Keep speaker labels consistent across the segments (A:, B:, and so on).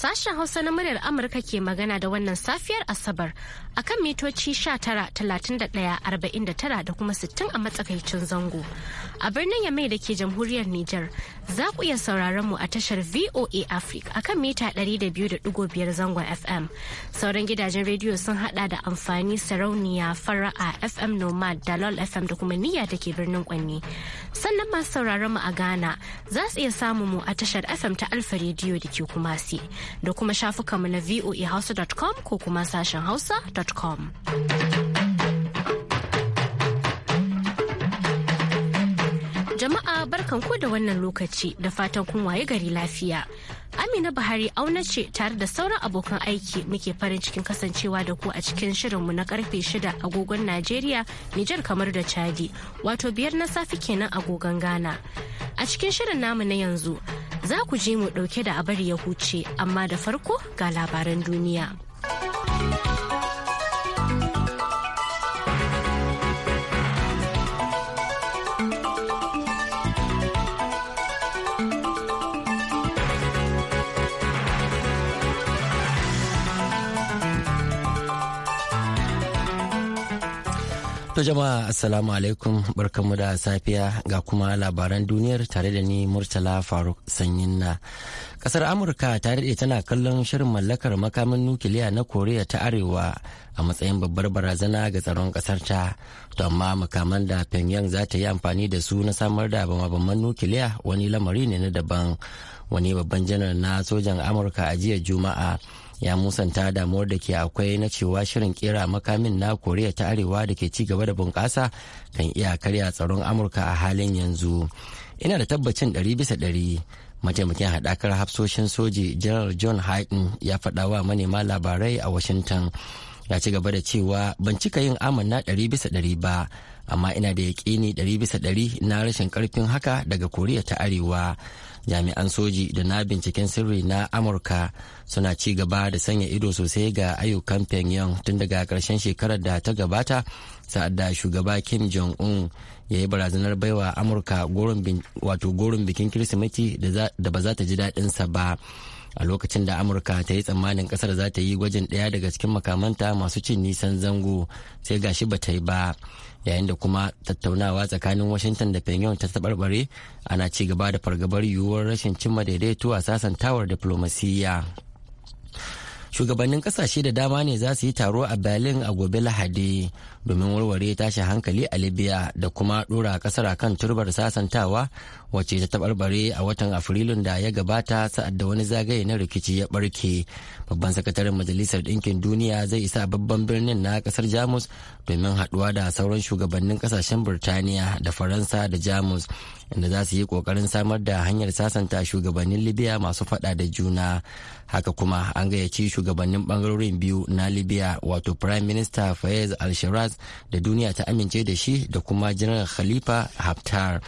A: Sashen Hausa na muryar Amurka ke magana da wannan safiyar Asabar akan mitoci 19, 31, 49 da kuma 60 a matsakaicin zango. a birnin Yamai da ke jamhuriyar Nijar za ku iya sauraron mu a tashar VOA Africa akan mita 200.5 zangon FM. Sauran gidajen rediyo sun hada da amfani sarauniya fara'a FM Nomad da LOL FM da kuma niyya da ke birnin Kwanni. Sannan masu sauraron mu a Ghana za su iya samun mu a tashar FM ta Alfa Radio da ke Kumasi da kuma shafukanmu na voahausa.com ko kuma sashen hausa.com. barkan ku da wannan lokaci da fatan kun waye gari lafiya. Amina Buhari auna ce tare da sauran abokan aiki muke farin cikin kasancewa da ku a cikin shirinmu na karfe shida agogon Najeriya, Nijar kamar da Chadi, wato biyar na safi kenan agogon Ghana. A cikin shirin namu na yanzu, za ku je mu dauke da abar ya huce, amma da farko ga labaran duniya.
B: To jama'a assalamu alaikum barkamu da safiya ga kuma labaran duniyar tare da ni Murtala Faruk Sanyin na. Kasar Amurka ta daɗe tana kallon shirin mallakar makamin nukiliya na Koreya ta Arewa a matsayin babbar barazana ga tsaron kasar ta. To amma makaman da Pyongyang za ta yi amfani da su na samar da bama nukiliya wani lamari ne na daban. Wani babban janar na sojan Amurka a jiya Juma'a ya musanta damuwar da ke akwai na cewa shirin kera makamin na koriya ta arewa da ke ci gaba da bunƙasa kan iya karya tsaron amurka a halin yanzu ina da tabbacin ɗari bisa ɗari mataimakin haɗakar hafsoshin soji general john hayden ya faɗa wa manema labarai a washington ya ci gaba da cewa ban cika yin amanna ɗari bisa ɗari ba amma ina da yaƙini ɗari bisa ɗari na rashin ƙarfin haka daga koriya ta arewa jami'an soji da na binciken sirri na amurka suna ci gaba da sanya ido sosai ga ayyukan pyongyang tun daga ƙarshen shekarar da ta gabata sa'ad da shugaba kim jong-un ya yi barazanar baiwa amurka wato goron bikin kirsimeti da ba za ta ji daɗinsa ba a lokacin da amurka ta yi tsammanin ƙasar za ta yi gwajin ɗaya daga cikin makamanta masu cin nisan zango sai gashi ba ta yi ba yayin da kuma tattaunawa tsakanin washington da pyongyang ta taɓarɓare ana ci gaba da fargabar yiwuwar rashin cimma daidaito a sasantawar diflomasiyya. shugabannin kasashe da dama ne za su yi taro a berlin a gobe lahadi domin warware tashi hankali a libya da kuma dora kasar kan turbar sasantawa wacce ta tabarbare a watan afrilun da ya gabata sa'ad da wani zagaye na rikici ya barke babban sakataren majalisar ɗinkin duniya zai isa babban birnin na kasar jamus domin haɗuwa da sauran shugabannin kasashen birtaniya da faransa da jamus inda za su yi ƙoƙarin samar da hanyar sasanta shugabannin libya masu faɗa da juna haka kuma an gayyaci shugaban shugabannin bangarorin biyu na libya wato prime minister fayez al-shiraz da duniya ta amince da shi da kuma janaral khalifa haftar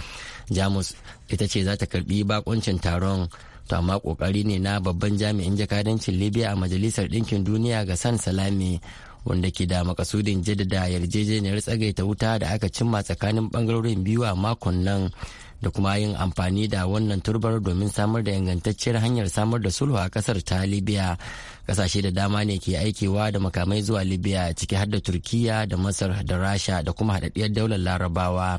B: jamus ita ce za ta karbi bakoncin taron to amma kokari ne na babban jami'in jakadancin libya a majalisar ɗinkin duniya ga san salami wanda ke da makasudin jaddada yarjejeniyar tsagaita wuta da aka cimma tsakanin bangarorin biyu a makon nan da kuma yin amfani da wannan turbar domin samar da ingantacciyar hanyar samar da sulhu a kasar ta libya kasashe da dama ne ke aikewa da makamai zuwa libya ciki har da turkiya da masar da rasha da kuma haɗaɗɗiyar daular larabawa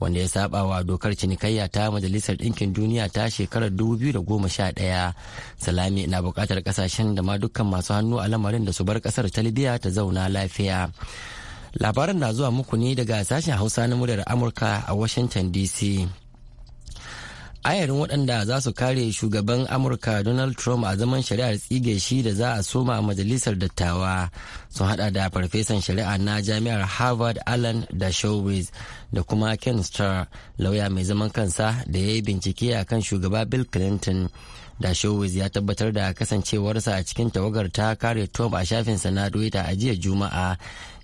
B: wanda ya saba wa dokar cinikayya ta majalisar ɗinkin duniya ta shekarar 2011 salami na buƙatar ƙasashen da ma dukkan masu hannu a lamarin da su bar ƙasar ta libya ta zauna lafiya labaran na zuwa muku ne daga sashen hausa na muryar amurka a washington dc ayarin waɗanda za su kare shugaban amurka donald trump a zaman shari'ar tsige shi da za a soma a majalisar dattawa sun hada da farfesan shari'a na jami'ar harvard allen da showbiz da kuma ken star lauya mai zaman kansa da ya yi bincike a kan shugaba bill clinton da showbiz ya tabbatar da kasancewarsa a cikin tawagar ta kare trump a shafinsa na twitter a jiya juma'a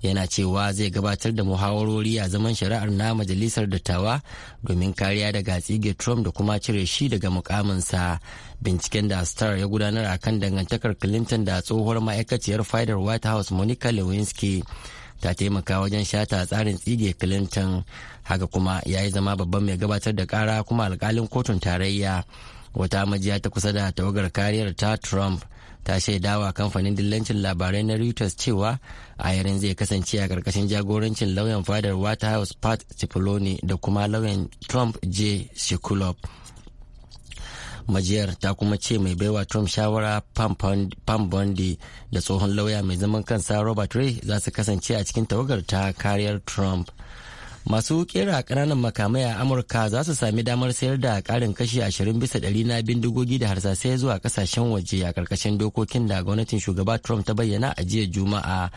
B: yana cewa zai gabatar da muhawarori a zaman shari'ar na majalisar dattawa domin kariya daga tsige trump da kuma cire shi daga mukaminsa binciken da star ya gudanar a kan dangantakar clinton da tsohuwar ma'aikaciyar fadar white house monica lewinsky ta taimaka wajen shata tsarin tsige clinton haka kuma ya yi zama babban mai gabatar da kara kuma alkalin kotun tarayya wata majiya ta kusa da tawagar kariyar ta trump ta shaidawa kamfanin dillancin labarai na reuters cewa ayarin zai kasance a karkashin jagorancin lauyan fadar white house pat cipollone da kuma lauyan trump j shikulop. majiyar ta kuma ce mai baiwa trump shawara pam bondi da tsohon lauya mai zaman kansa robert ray za su kasance a cikin tawagar ta kariyar trump masu kera kananan makamai a amurka za su sami damar sayar da karin kashi 20 bisa ɗari na bindigogi da harsasai zuwa kasashen waje a karkashin dokokin da gwamnatin shugaba trump ta bayyana a jiya juma'a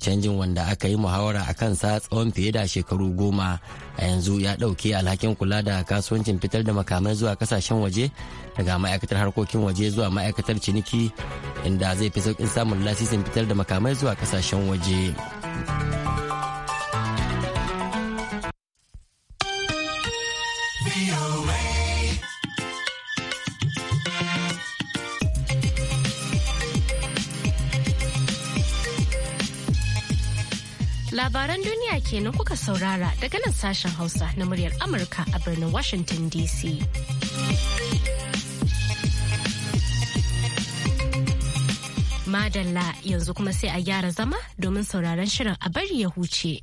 B: canjin wanda aka yi muhawara a kansa tsawon fiye da shekaru goma a yanzu ya dauke alhakin kula da kasuwancin fitar da makamai zuwa kasashen waje daga ma'aikatar harkokin waje zuwa ma'aikatar ciniki inda zai fi sauƙin samun lasisin fitar da makamai zuwa kasashen waje.
A: kenan kuka saurara daga nan sashen Hausa na muryar Amurka a birnin Washington DC. Madalla yanzu kuma sai a gyara zama domin sauraron shirin a bari ya huce.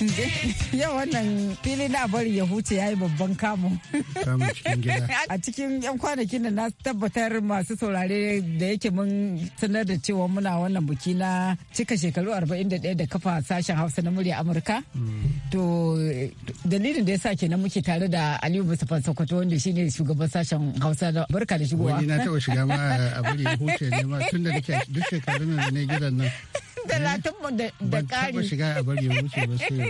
C: yau wannan fili na bari ya huce ya yi babban kamu a cikin yan kwanakin da na tabbatar masu saurare da yake mun sanar da cewa muna wannan buki na cika shekaru 41 da kafa sashen hausa na murya amurka mm. to dalilin da ya sa kenan muke tare da aliyu mustapha sokoto wanda shine shugaban sashen hausa da barka da shigowa wani na taɓa shiga ma a bari ya huce ne ma tun da duk shekarun da ne gidan nan da latin da ƙari ban taɓa
D: shiga a bari ya huce ba sai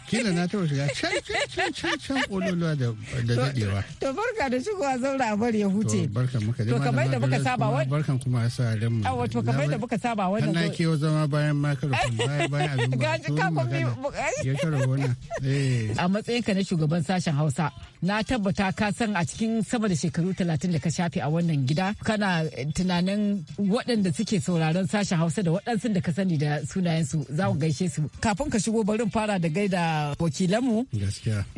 D: kila na taɓa shiga can can can can ƙololuwa da daɗewa.
C: To barka da shigowa zaura a bari ya huce. barka
D: muka da kamar da muka saba wani. Barkan kuma a sa mu. Awa to kamar da muka saba wani. ke kewa
C: zama bayan makarofon bayan bayan abin ba. Gaji ka kuma
D: ya eh.
C: A matsayin ka na shugaban sashen Hausa na tabbata ka san a cikin sama da shekaru talatin da ka shafe a wannan gida kana tunanin waɗanda suke sauraron sashen Hausa da waɗansu da ka sani da sunayensu za ku gaishe su. Kafin ka shigo barin fara da gaida da wakilanmu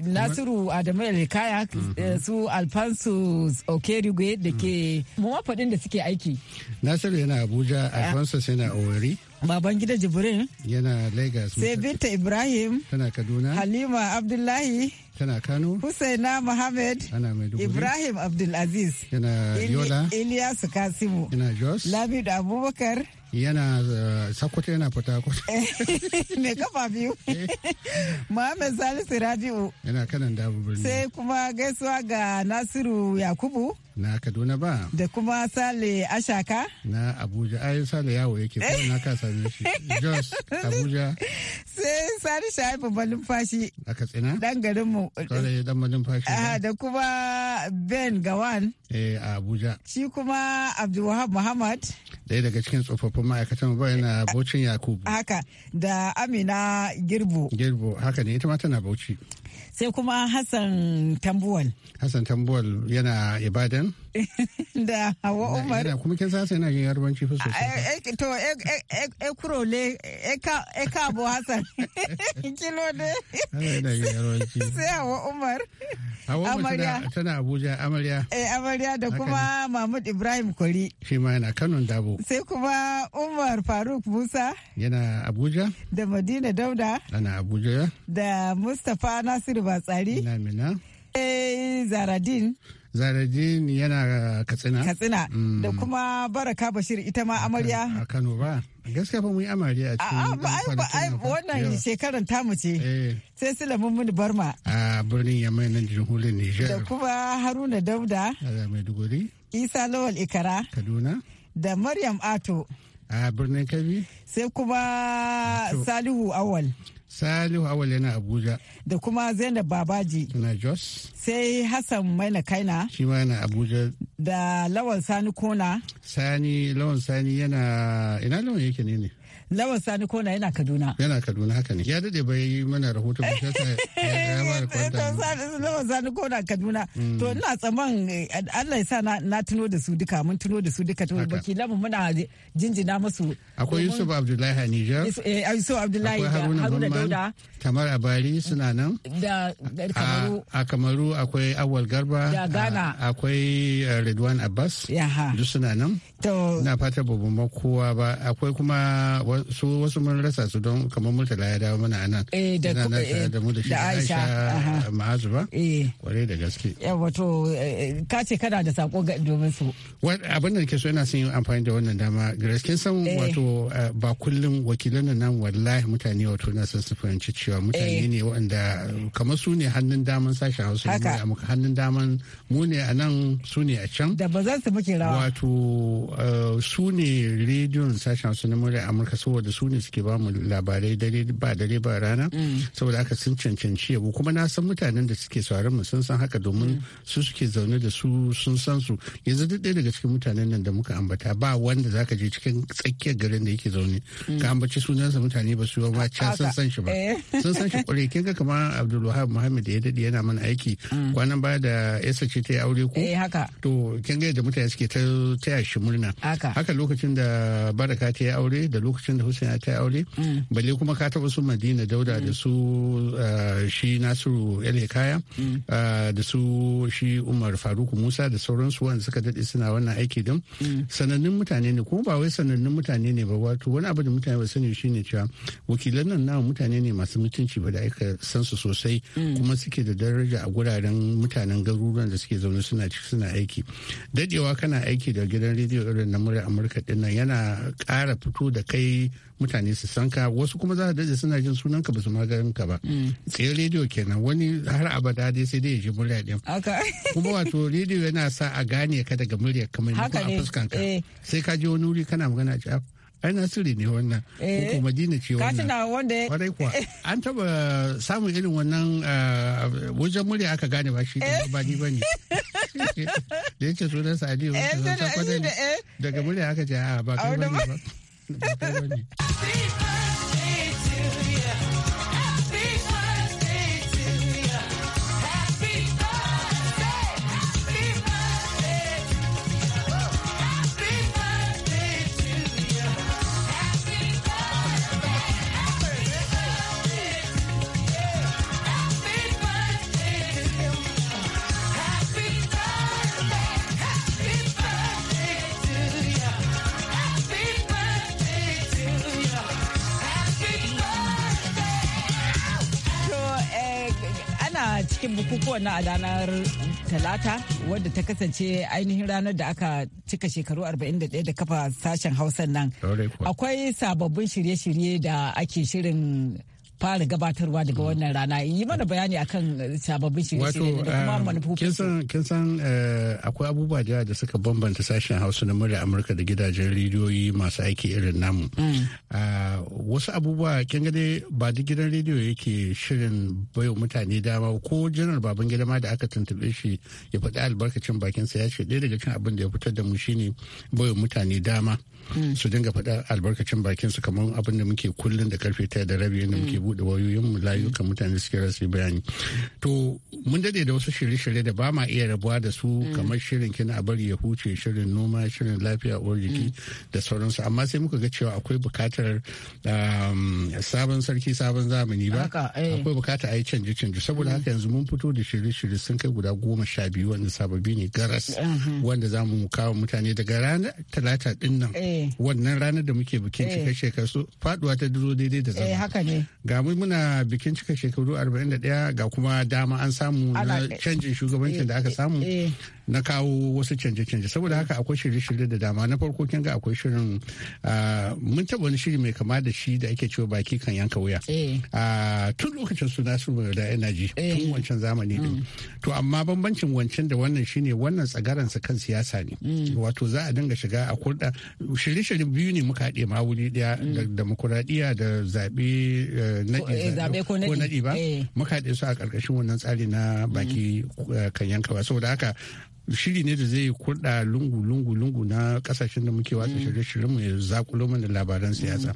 C: nasiru adamu elikaya eh, mhm. su Alfansu okerigwe da ke mhm. mawafaɗin da suke aiki nasiru yana abuja ah. Alfansu yana owari baban gida jibrin yana lagos sai binta ibrahim tana kaduna halima abdullahi tana kano husaina muhammad ana maiduguri ibrahim abdulaziz yana yola iliyasu kasimu yana jos labidu abubakar yana eh, sakkwato yana fita ko me kafa biyu Muhammad Salisu Rabi'u yana kanan dabu birni sai kuma gaisuwa ga Nasiru Yakubu
D: na Kaduna ba
C: da kuma Sale Ashaka
D: na Abuja ai Sale yawo yake ko na kasa same shi Jos Abuja
C: sai Sani Shaibu Malumfashi a Katsina dan garin mu dan Malumfashi da kuma Ben Gawan. Eh a Abuja. Shi kuma Abdulwahab Muhammad.
D: Ɗaya daga cikin tsofaffin ma'aikatan ba yana Bauchin Yakubu.
C: Haka da
D: Amina Girbo. Girbo haka ne ita ma tana Bauchi.
C: Sai kuma Hassan Tambuwal.
D: Hassan Tambuwal yana Ibadan. da hawa umar da kuma kin sai na yin yarbanci fa sosai
C: eh, eh, to e kurole e ka e ka Abu hasan kilo de sai hawa umar amarya tana abuja amarya eh amarya da kuma mahmud ibrahim kori shi ma yana kano dabo sai kuma umar faruk musa yana abuja da madina dauda ana abuja da mustapha nasiru batsari na mina eh zaradin zarajin yana katsina katsina mm. da kuma baraka bashir ita ma amarya a kano ba gaskiya ba mu yi amarya a cikin kwanakin wannan shekaran tamu ce eh. sai su lamun barma
D: a birnin yamai nan jamhuriyar nijar da
C: kuma haruna dauda a maiduguri isa lawal ikara kaduna da maryam ato a birnin kabi sai kuma salihu awal Salihu Awal yana Abuja. Da kuma Zainab Babaji. na Jos. Sai Hassan Maina Kaina. Shi ma yana Abuja. Da Lawan Sani Kona. Sani Lawan Sani yana ina Lawan yake ne ne? Lawan Sani Kona yana Kaduna. Yana Kaduna
D: haka ne. Ya dade bai yi mana rahoto ba ta ya mara kwanta.
C: Lawan Sani Kona Kaduna. Mm. To ina tsaman eh, Allah ya sa na tuno da su duka mun tuno da su duka to baki lamun muna jinjina musu. Akwai Yusuf
D: Abdullahi a Niger. Eh
C: Yusuf Abdullahi da Haruna Dauda.
D: Kamar Abari suna nan.
C: Da Kamaru.
D: A Kamaru akwai Awal Garba. Da Ghana. Akwai eh, Redwan Abbas. Yaha. Duk suna nan. To. Na fata babban kowa ba akwai kuma su wasu mun rasa su don kamar murtala ya dawo mana nan. eh da da mu da shi Aisha eh, ma'azu ba eh kware da gaske
C: yawa eh, ka ce kana da sako domin su
D: abin da ke so ina son yin amfani da wannan dama gaske san eh. wato ba kullum wakilan nan wallahi mutane wato na son su fahimci cewa mutane ne waɗanda kamar su ne hannun daman sashen Hausa ne hannun daman mu ne a nan su ne a can da ba za su muke rawa wato su ne rediyon sashen Hausa na murya Amurka saboda su ne suke bamu labarai dare ba dare ba rana mm. saboda aka sun cancanci yabo kuma na san mutanen da suke sauraron mu sun san haka domin mm. su suke zaune da su sun san su yanzu duk ɗaya daga cikin mutanen nan da muka ambata ba wanda zaka je cikin tsakiyar garin da yake zaune mm. ka ambaci sunansa mutane ba su yi ba can sun san shi ba eh. sun san shi kwarai kin ga kamar Abdulwahab Muhammad ya dade yana mana aiki kwanan baya da Esa ce ta yi aure ko eh, to kin ga da mutane suke ta taya shi murna haka lokacin da Baraka ta yi aure da lokacin lokacin da Hussein ya kai aure mm. balle kuma ka taba su Madina Dauda da mm. su uh, shi Nasiru Ele Kaya mm. uh, da su shi Umar Faruk Musa da sauransu wanda suka dade suna wannan aiki din sanannun mutane ne kuma ba wai sanannun mutane ne ba wato wani abu da mutane ba sani shine cewa wakilan nan nawa mutane ne masu mutunci ba da aka san su sosai kuma suke da daraja a guraren mutanen garuruwan da suke zaune suna suna aiki dadewa kana aiki da gidan rediyo irin na murya Amurka dinnan yana ƙara fito da kai mutane su san ka wasu kuma za daɗe suna jin sunan ka basu maganin ka ba tsaye mm. rediyo kenan wani har abada dai sai dai ya ji murya ɗin kuma wato rediyo yana sa a gane ka daga muryar kamar ko a fuskan ka eh. sai ka je wani wuri kana magana a ah, ai nasiri ne wannan ko eh. madina ce
C: wannan kwarai
D: kuwa an taba samun irin wannan ah, wajen murya aka gane ba shi ba ni ba ne eh. da yake sunan sa aliyu daga murya aka ce a ah, ba kai ba ne ba 你带你。
C: cikin bukukuwan na a ranar talata wadda ta kasance ainihin ranar da aka cika shekaru 41 da kafa sashen hausa nan akwai sababbin shirye-shirye da ake shirin fara gabatarwa daga mm. wannan rana yi mana bayani akan uh, sababbin shirye-shirye da kuma
D: um, kin san uh, akwai abubuwa da da suka bambanta sashen hausa na murya amurka da gidajen rediyoyi masu aiki irin namu mm. uh, wasu abubuwa kin ga dai ba duk gidan rediyo yake shirin baiwa mutane dama ko janar baban gida ma da aka tuntube shi ya faɗi albarkacin bakin sa ya ce ɗaya daga cin abin da ya fitar da mu shine baiwa mutane dama Mm. su dinga faɗa albarkacin bakin su kamar abin da muke kullun da karfe ta da rabi inda muke mm. buɗe wayoyin mu layukan mutane suke rasu bayani to mun dade da wasu shirye-shirye da ba ma iya rabuwa da su mm. kamar shirin kina bari ya huce shirin noma shirin lafiya uwar jiki da sauransu amma sai muka ga cewa akwai bukatar um, sabon sarki sabon zamani ba eh. akwai bukata a yi canje-canje saboda haka yanzu mun fito da shirye-shirye sun kai guda goma sha biyu wanda sababi ne garas mm-hmm. wanda za mu kawo mutane daga ranar talata din wannan ranar da muke bikin eh. cika shekaru faduwa ta duro daidai da eh, zama haka ne ga mu muna bikin cika shekaru 41 ga kuma dama an samu na canjin shugabancin da aka eh, samu na kawo wasu canje-canje saboda haka akwai shirye-shirye da dama na farko kin ga akwai shirin ah, mun taɓa wani shiri mai kama da shi da ake cewa baki kan yanka wuya eh. ah, tun lokacin su nasu da energy tun eh. wancan zamani din mm. to amma bambancin wancan da wannan shine wannan tsagaran su kan siyasa ne mm. wato za a dinga shiga a kurda shirye-shirye biyu ne muka haɗe ma wuri ɗaya mm. da demokuraɗiyya da zaɓe eh, ko naɗi ba muka haɗe su a ƙarƙashin wannan tsari na baki kan yankawa saboda haka shiri ne da zai kurɗa lungu-lungu-lungu na kasashen da muke watsa mm. shirye mu ya zakulo mana labaran siyasa mm.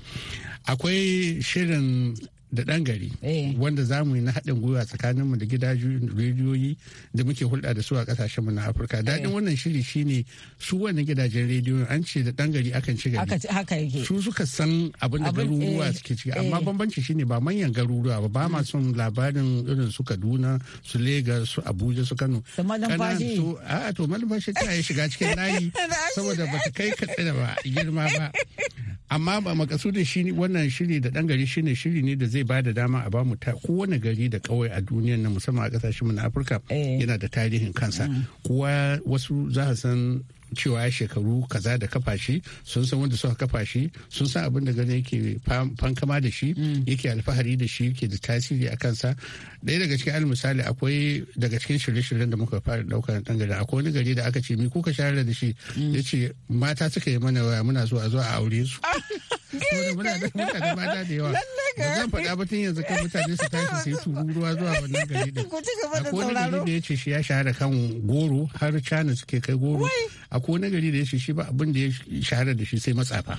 D: akwai shirin da ɗan gari eh. wanda za mu yi na haɗin gwiwa tsakaninmu da gidajen rediyoyi da muke hulɗa da su a ƙasashenmu na afirka eh. daɗin wannan shiri shine su wannan gidajen rediyo an ce da ɗan gari akan ci gari su suka san abin da garuruwa eh, suke ciki amma bambanci shine ba manyan garuruwa ba ba ma mm. son labarin irin su kaduna su lagos su abuja su kano
C: su
D: a to malumfashi ta yi shiga cikin layi saboda ba ta kai katsina ba girma ba amma ba makasudin shi wannan shiri da dan gari ne shiri ne da zai ba da dama a bamu ta kowane gari da kawai a duniyar nan musamman a kasashen mu na Afirka eh. yana da tarihin kansa kowa wasu za san cewa shekaru kaza da kafa shi sun san wanda suka kafa shi sun san abin da gani yake fankama da shi mm. yake alfahari da shi yake da tasiri a kansa ɗaya daga cikin almisali akwai daga cikin shirye-shiryen da muka fara ɗaukar ɗan gari akwai wani gari da aka ce mi kuka share da shi mm. ya ce mata suka yi mana waya muna zuwa a zuwa a aure su
C: mutane mata da yawa ba zan faɗa
D: ba tun yanzu kan mutane su tashi su yi tururuwa zuwa wannan gari da
C: akwai wani gari da
D: ya ce shi ya shahara kan goro har cana suke kai goro akwai wani gari da ya ce shi ba abin da ya shahara da shi sai matsafa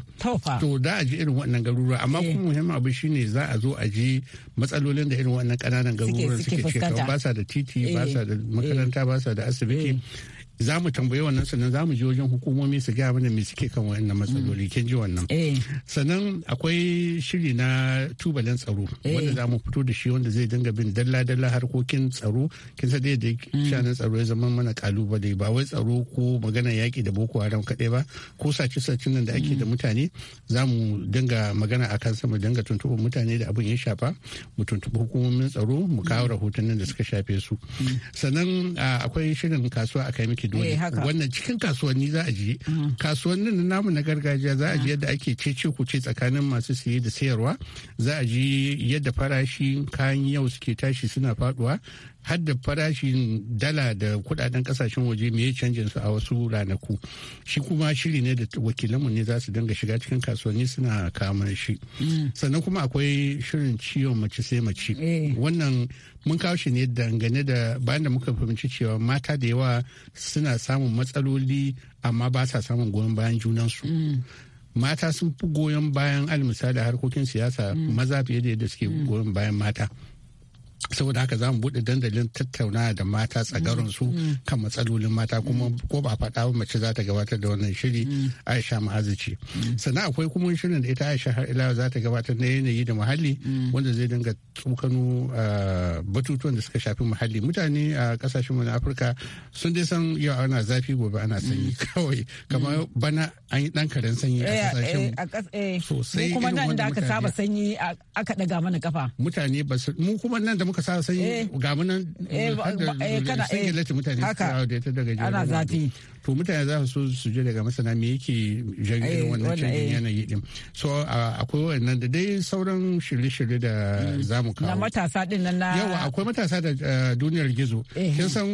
D: to da a ji irin wannan garuruwa amma eh. kuma muhimmin abu shine za a zo a ji matsalolin da irin wannan ƙananan garuruwan suke ce ba sa da titi ba eh. sa da makaranta ba sa da asibiti eh. za mu tambayi wannan sannan za mu je wajen hukumomi su gaya mana me suke kan wannan matsaloli mm. kin ji wannan eh. sannan akwai shiri na tubalin tsaro eh. wanda za mu fito da shi wanda zai dinga bin dalla dalla harkokin tsaro kin sa da mm. shanin tsaro ya zama mana kalubale ba wai tsaro ko magana yaki da boko haram kaɗai ba ko sace sacin nan da ake da mm. mutane za mu dinga magana a kan mu dinga tuntuɓa mutane da abin ya shafa mu tuntuɓi hukumomin tsaro mu kawo rahotannin da suka shafe su sannan akwai shirin kasuwa a kai miki ki dole eh, wannan cikin kasuwanni za a je mm. kasuwannin namu na gargajiya za a je yadda ake cece ku ce tsakanin masu siye da sayarwa za a je yadda farashin kayan yau suke tashi suna faduwa har da farashin dala da kudaden kasashen waje me ya canjin su a wasu ranaku shi kuma shiri ne da wakilanmu ne za su dinga shiga cikin kasuwanni suna kama shi mm. sannan kuma akwai shirin ciwon mace sai mace eh. wannan mun kawo shi ne dangane da bayan da muka fahimci cewa mata da yawa suna samun matsaloli amma ba sa samun goyon bayan junansu mm. mata sun fi goyon bayan da harkokin siyasa mm. maza fiye da yadda suke goyon bayan mata saboda haka za mu buɗe dandalin tattauna da mata tsagarin su mm. mm. kan matsalolin mata kuma mm. ko ba faɗa ba mace za ta gabatar da wannan shiri aisha mahazici sannan akwai kuma shirin da ita aisha har ila za ta gabatar na yanayi da muhalli wanda zai dinga tsokano ah, batutuwan da suka shafi muhalli mutane a kasashen mu na afirka sun dai san yau ana zafi gobe ana sanyi kawai kamar bana an yi dan karen
C: sanyi a kasashen eh,
D: eh, eh. sosai kuma nan da aka saba
C: sanyi aka daga mana kafa mutane ba mu kuma nan da muka ka sa sai eh. ga munan eh, eh, kada eh mutane
D: dawo da ta daga ana zafi to mutane za su su je daga masana me yake janyo wannan canjin yanayi din so akwai wannan da dai sauran shirye-shirye da mm. zamu kawo na matasa din nan na yawa akwai matasa da duniyar gizo kin san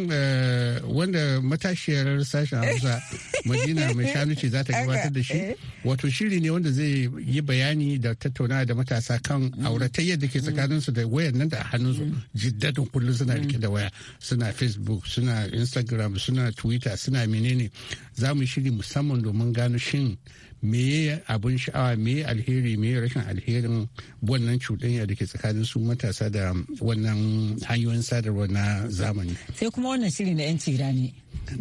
D: wanda matashiyar sashen Hausa Madina mai shanu ce za ta gabatar da shi wato shiri ne wanda zai yi bayani da tattauna da matasa kan mm. auratayyar da ke tsakaninsu da wayar nan da hannunsu jiddatin kullum suna rike da waya suna facebook suna instagram suna twitter suna menene za mu shiri musamman domin gano shin meye abin sha'awa meye alheri meye rashin alherin wannan cuɗanya da ke tsakanin su matasa da wannan hanyoyin sadarwa na zamani
C: sai kuma wannan shiri na 'yanci
D: rani eh,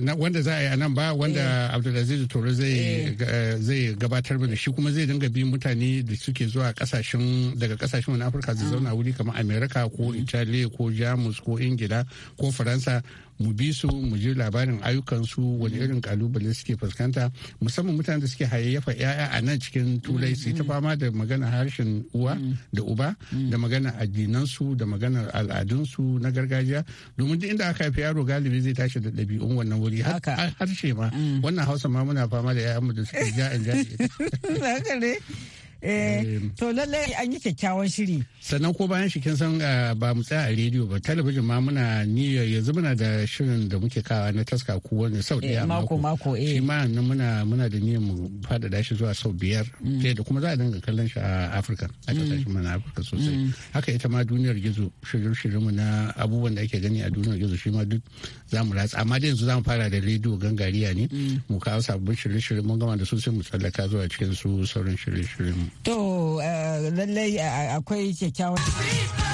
D: na, wanda za a yi a ba wanda yeah. abdulaziz toro eh. Eh, zai gabatar mana shi kuma zai dinga bi mutane da suke zuwa kasashen daga kasashen wani afirka su ah. zauna wuri kamar america ko mm. italiya ko jamus ko ingila ko faransa mu bi su mu ji labarin ayyukansu wani mm-hmm. irin kalubale suke fuskanta musamman mutane da suke hayayyafa 'ya'ya a nan cikin turai su ta mm-hmm. fama da magana harshen uwa mm-hmm. da uba da magana addinansu da magana al'adunsu na gargajiya domin duk inda aka haifi yaro galibi zai tashi da ɗabi'un wannan wuri harshe ma mm. wannan hausa ma muna fama da mu da suke ja'in
C: ja'in Eh, eh. to lalle an yi kyakkyawan
D: shiri. Sannan ko bayan shi kin san eh, ba mu tsaya a rediyo ba talabijin ma muna niyyar yanzu muna da shirin da muke kawa na taska ko wani sau ɗaya mako mako eh. Shi ma nan muna muna da niyyar mu faɗaɗa shi zuwa sau biyar. Sai mm. da kuma za a dinga kallon shi a Afirka a kasashen mm. mana Afirka sosai. Mm. Haka ita ma duniyar gizo shirin mu na abubuwan da ake gani a duniyar gizo shi ma duk za mu ratsa amma da yanzu za mu fara da rediyo gangariya ne mu kawo sabbin shirye-shirye mun gama da su sai mu tsallaka zuwa cikin su sauran shirye-shiryen mu.
C: To eh, lallai eh, akwai kyakkyawan.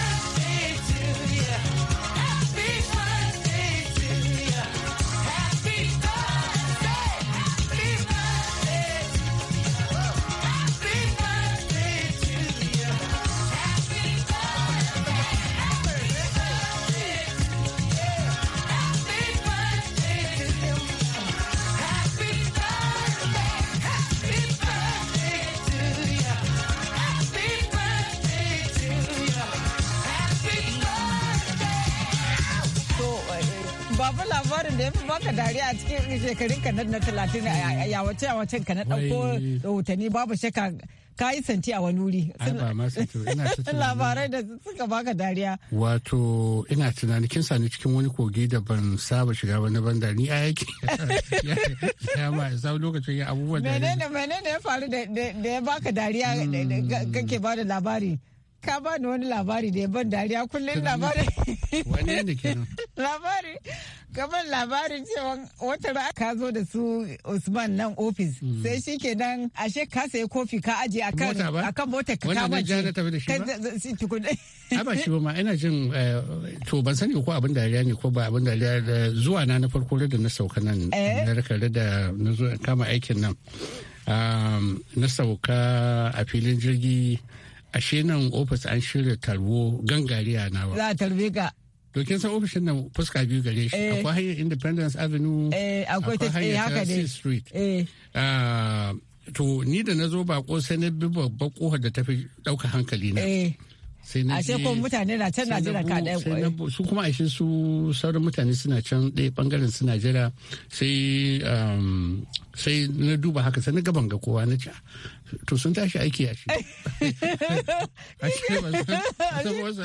C: shekarun ka na talatin a a yawacen ka na ɗauko rahotanni babu shakka ka yi santi a wani wuri. Labarai da suka baka dariya.
D: Wato ina tunani kin sani cikin wani kogi da ban saba shiga ba na bandar ni a yake. Ya ma zaune lokacin ya abubuwan da. Menene
C: menene ya faru da ya baka dariya hmm. kake ba da labari. Ka ba ni wani labari da ya ban dariya kullum labari. Wane ne kenan? Labari. gaban labarin cewa wata ra'a ka zo da su Usman nan ofis hmm. sai shi ke nan ashe ka sayi kofi ka aje a kan mota ka ta wace. Wannan tafi da shi ba?
D: ba shi ba ma ina jin eh, to ban sani ko abin dariya ne ko ba abin dariya da zuwa na na farko da na sauka nan eh? na rikare da na zo kama aikin nan. Na sauka a filin jirgi ashe nan ofis an shirya talwo gangariya nawa. Za a talbe ka. To kin san ofishin nan fuska biyu gare shi eh. akwai hanyar Independence Avenue eh, akwai eh, hanyar Street. Ah, to ni da na zo bako sai na bi babbar kohar da ta fi ɗauka hankali na. a sai ko mutane na can najeriya ka ɗaya kwai su kuma aishe su sauran mutane suna can ɗaya ɓangaren suna jira sai um, sai na duba haka sai na gaban ga kowa na ci to sun tashi aiki a shi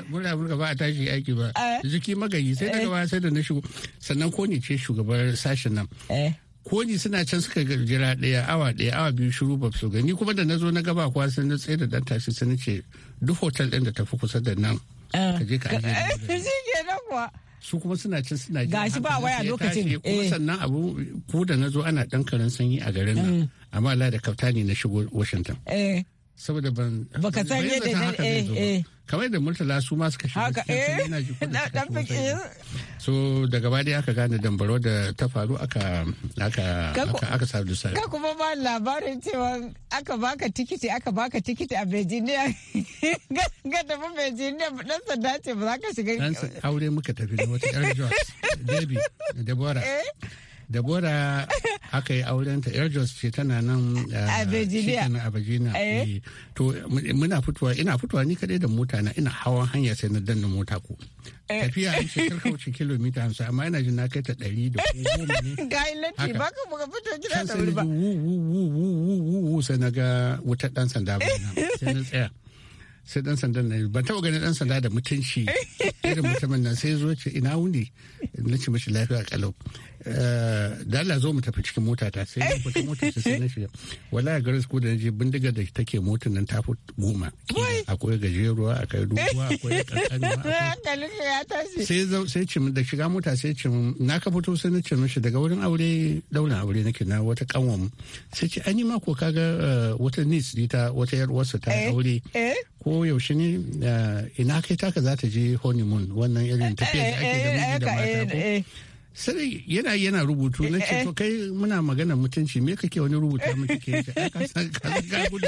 D: gurin amurka ba a tashi aiki ba eh. jiki magayi sai daga ba sai da na shigo sannan ko ne ce shugabar sashen nan eh. ni suna can suka jira ɗaya awa ɗaya awa biyu shiru ba su gani kuma da na zo na gaba kuwa sun na tsaye da ɗan tashi sun ce duk hotel ɗin da tafi kusa da nan ah. ka je ka ajiye su kuma suna can suna Ga gashi ba waya lokacin kuma eh. sannan abu ko da na zo ana ɗan karan sanyi a garin nan mm. amma la da kaftani na shigo washington eh. saboda ban baka san yadda eh eh kamar da murtala su ma suka shiga cikin fiki eh. so daga baya aka gane dambaro da ta faru aka aka aka da sai ka
C: kuma ba labarin cewa aka baka tikiti aka baka tikiti a Virginia ga da ba Virginia dan sanda ce ba za ka shiga dan
D: aure muka tafi da wata yar George Debbie Deborah eh? Deborah aka yi auren ta yar jos ce tana nan a eh, virginia eh? Eh, to muna fitowa ina fitowa ni kadai da mota na ina hawan hanya sai na danna mota ko tafiya an ce kar wuce kilomita hamsin amma ina jin na kai ta ɗari da kuma ne ga
C: ilati ba ka buga fito gida da wuri ba
D: wu sai na ga wutar dan sanda ba sai na tsaya sai dan na yi ban taɓa ganin dan sanda da mutunci irin mutumin nan sai zo ce ina wuni na ce mashi lafiya kalau Eh, dala zo mu tafi cikin mota ta sai na fita mota ta sai na shiga wala garis ko da je bindiga da take motar nan ta fi goma akwai gajeruwa akwai doguwa akwai
C: kankanuwa
D: sai ce da shiga mota sai ce na ka fito sai na ce mishi daga wurin aure dauna aure nake na wata mu sai ce an yi ma ko kaga eh, wata nis ta wata yar wasu ta eh, aure ko yaushe ne ina kai taka za ta je honeymoon wannan irin tafiya da ake da miji da mata ko sai yana yana rubutu na ce eh, eh. kai muna magana mutunci me kake wani rubuta miki ka gudu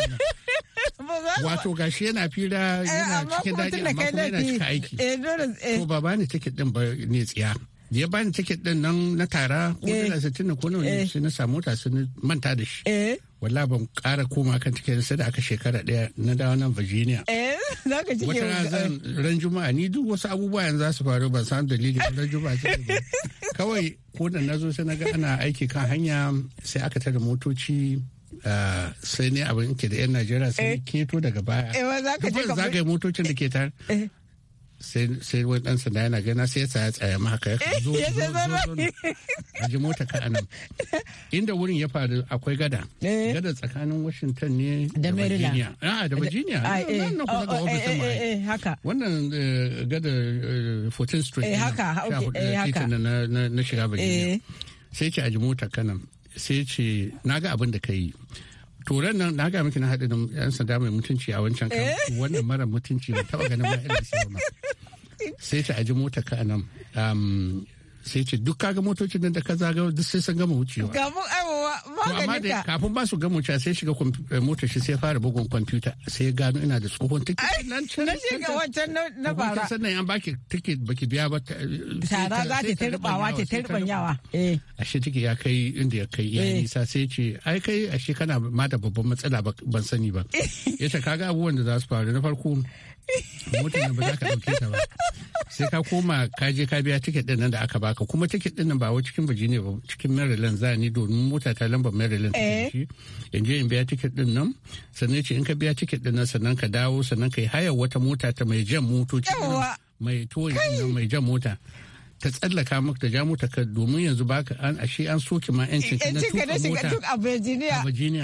D: wato gashi yana fira eh, yana cikin daji amma kuma yana cika aiki to ba bani ticket din ba ne tsiya ya bani tiket din nan na tara ko eh. dala sittin ko nawa eh. sai na samu mota sai manta da shi eh. walla ban kara koma kan tiket sai da aka shekara daya na dawo nan Virginia wata zan ran juma'a ni duk wasu abubuwa yanzu za su faru ban san dalili ran juma'a kawai ko da nazo sai na ga ana aiki kan hanya sai aka tada motoci ah, sai ne abin ke da yan Najeriya sai keto daga baya. Eh, za ka je motocin da ke tare. sai wani dan sanda yana gana sai ya tsaya tsaya ma haka ya zo a ji mota ka anan inda wurin ya faru akwai gada eh. gada tsakanin washington ne da virginia ah, a da virginia ah, nan eh. kusa ga ofisin ma haka wannan eh, gada
C: 14th street haka haka
D: na shiga virginia sai ce a ji mota kanan sai ce na ga abin da ka yi turan nan na ga miki na haɗu da yan sanda mai mutunci a wancan kan eh. wannan mara mutunci ba taɓa ganin ma irin sa ba sai ta aji mota ka nan sai ce duk kaga motocin nan da ka zaga duk sai sun gama wucewa kafin ba su gamu sai shiga eh, motar shi sai fara bugun kwamfuta sai gano ina da tsohon
C: tiket nan can na
D: shiga wancan na bara sannan an baki tiket baki biya ba eh, tara za ta wa ta tarbanyawa A eh. ashe tiki ya kai inda ya kai ya nisa sai ce ai kai ashe kana ma da babban matsala ban sani ba yace kaga abubuwan da za su faru na farko motar ba za ka ɗauke ta ba sai ka koma ka je ka biya tiket din nan da aka baka kuma tiket din nan ba wa cikin Virginia ba cikin Maryland za ni domin mota ta ta lambar maryland eh. shi in je in biya tiket din nan sannan ce in ka biya tiket din nan sannan ka dawo sannan ka yi hayar wata mota ta mai jan motoci mai toyi mai jan mota ta tsallaka maka ta ja mota ka domin yanzu baka an ashe an soke ma yancin ka na tuka mota
C: a Virginia a
D: Virginia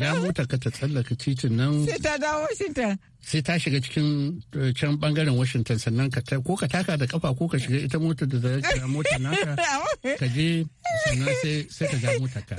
D: ja mota ka ta tsallaka titin nan sai
C: ta dawo Washington
D: sai ta shiga cikin eh, can bangaren Washington sannan ka ta ko ka taka da kafa ko ka shiga ita mota da zai ka mota naka ka je sannan sai sai ka ja motar ka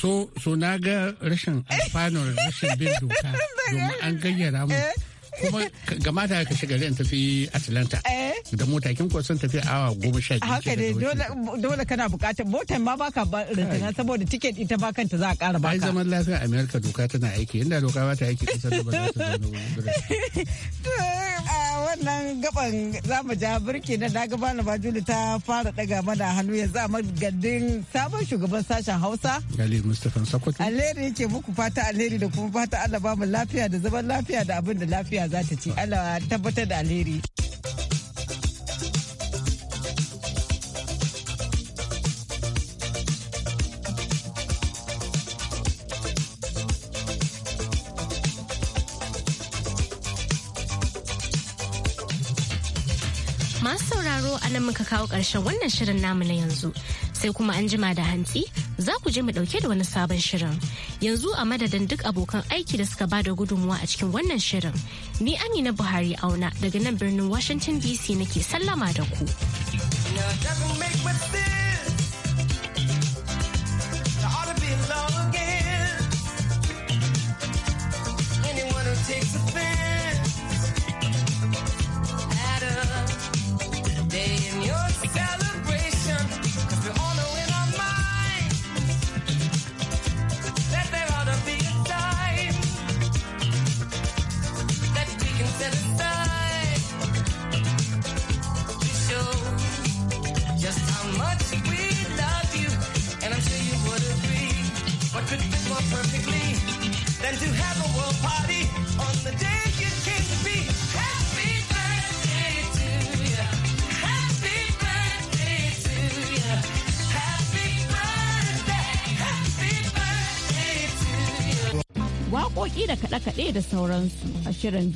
D: so so na ga rashin alfanar rashin bin doka domin an gayyara mu eh. kuma gama da ka shiga ran tafi atlanta eh? da mota kin sun tafi awa goma sha biyu haka
C: dole kana bukatar motar ma baka rintana saboda ticket ita ba kanta za a kara baka ai zaman lafiya
D: america doka tana aiki inda doka ba ta aiki kasar da ba za
C: ta zauna eh, wannan gaban za ja birki na daga malama juli ta fara daga mana hannu yanzu a magadin sabon shugaban sashen hausa ali mustapha sakwati alheri yake muku fata alheri da kuma fata allah ba mu lafiya da zaman lafiya da abin da lafiya za ta ce allah tabbatar da alheri
A: muka kawo ƙarshen wannan shirin namu na yanzu sai kuma an jima da hantsi za ku je mu ɗauke da wani sabon shirin yanzu a madadin duk abokan aiki da suka bada gudunmuwa a cikin wannan shirin ni amina buhari auna daga nan birnin washington dc nake sallama da ku.
B: and to have a world party on the day you came to be. Happy birthday to you. Happy
C: birthday to you. Happy birthday. Happy birthday to
A: you. Well, boy, Waƙoƙi da kaɗe-kaɗe da sauransu a shirin